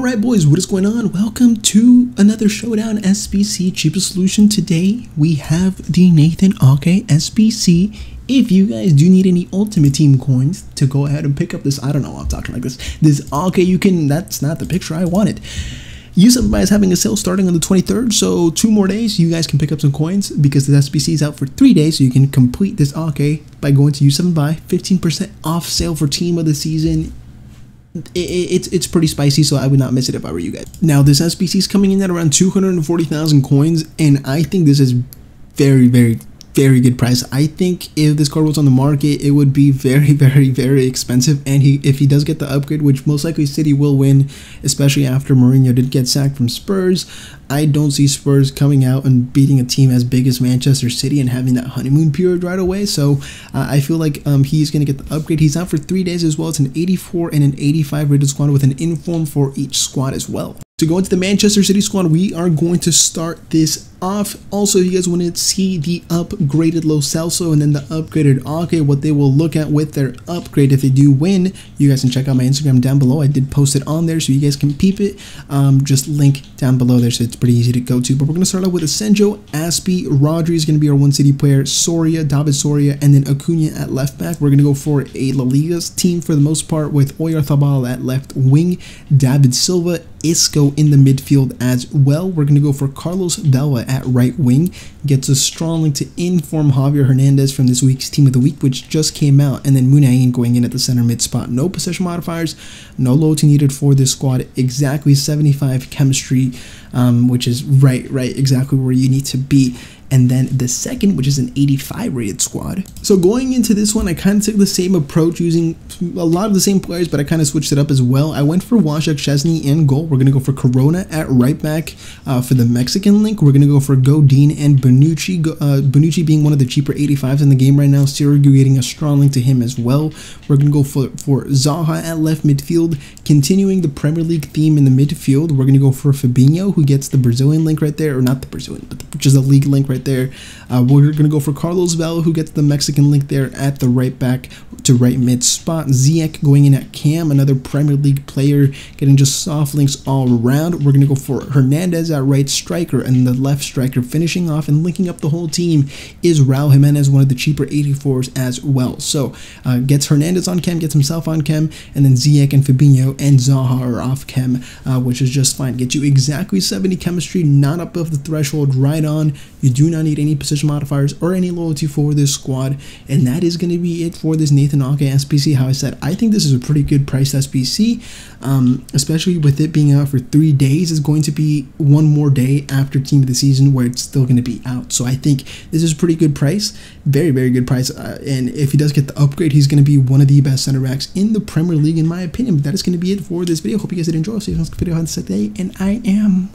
Alright boys, what is going on? Welcome to another Showdown SBC Cheapest Solution. Today we have the Nathan Ake SBC. If you guys do need any Ultimate Team coins to go ahead and pick up this, I don't know I'm talking like this, this Ake, you can, that's not the picture I wanted. Usimba is having a sale starting on the 23rd, so two more days, you guys can pick up some coins because the SBC is out for three days, so you can complete this Ake by going to U7Buy, 15% off sale for team of the season it's it's pretty spicy, so I would not miss it if I were you guys. Now, this SBC is coming in at around 240,000 coins, and I think this is very, very, very good price. I think if this card was on the market, it would be very, very, very expensive. And he, if he does get the upgrade, which most likely City will win, especially after Mourinho did get sacked from Spurs, I don't see Spurs coming out and beating a team as big as Manchester City and having that honeymoon period right away. So uh, I feel like um, he's going to get the upgrade. He's out for three days as well. It's an 84 and an 85 rated squad with an inform for each squad as well. To go into the Manchester City squad, we are going to start this off. Also, if you guys want to see the upgraded Lo Celso and then the upgraded Ake, what they will look at with their upgrade if they do win, you guys can check out my Instagram down below. I did post it on there so you guys can peep it. Um, just link down below there so it's pretty easy to go to. But we're going to start out with Asenjo, Aspi, Rodri is going to be our one city player, Soria, David Soria, and then Acuna at left back. We're going to go for a La Liga's team for the most part with Oyarzabal at left wing, David Silva, Isco in the midfield as well. We're going to go for Carlos Vela at right wing gets a Strong link to inform Javier Hernandez from this week's Team of the Week, which just came out, and then Munayin going in at the center mid spot. No possession modifiers, no loads needed for this squad. Exactly 75 chemistry, um, which is right, right, exactly where you need to be and then the second, which is an 85 rated squad. So going into this one, I kind of took the same approach using a lot of the same players, but I kind of switched it up as well. I went for Washak Chesney in goal. We're going to go for Corona at right back uh, for the Mexican link. We're going to go for Godin and Benucci. Uh, Benucci being one of the cheaper 85s in the game right now. Sirigu getting a strong link to him as well. We're going to go for, for Zaha at left midfield. Continuing the Premier League theme in the midfield, we're going to go for Fabinho, who gets the Brazilian link right there, or not the Brazilian, but the, is a league link right right there. Uh, we're going to go for Carlos Vela, who gets the Mexican link there at the right back to right mid spot. Ziyech going in at Cam, another Premier League player, getting just soft links all around. We're going to go for Hernandez at right striker, and the left striker finishing off and linking up the whole team is Raul Jimenez, one of the cheaper 84s as well. So uh, gets Hernandez on Cam, gets himself on Cam, and then Ziyech and Fabinho and Zaha are off Cam, uh, which is just fine. Gets you exactly 70 chemistry, not above the threshold, right on. You do do not need any position modifiers or any loyalty for this squad. And that is going to be it for this Nathan Aka SPC. How I said, I think this is a pretty good priced SPC, um, especially with it being out for three days. It's going to be one more day after Team of the Season where it's still going to be out. So I think this is pretty good price. Very, very good price. Uh, and if he does get the upgrade, he's going to be one of the best center backs in the Premier League, in my opinion. But that is going to be it for this video. Hope you guys did enjoy. see you next video on Saturday. And I am...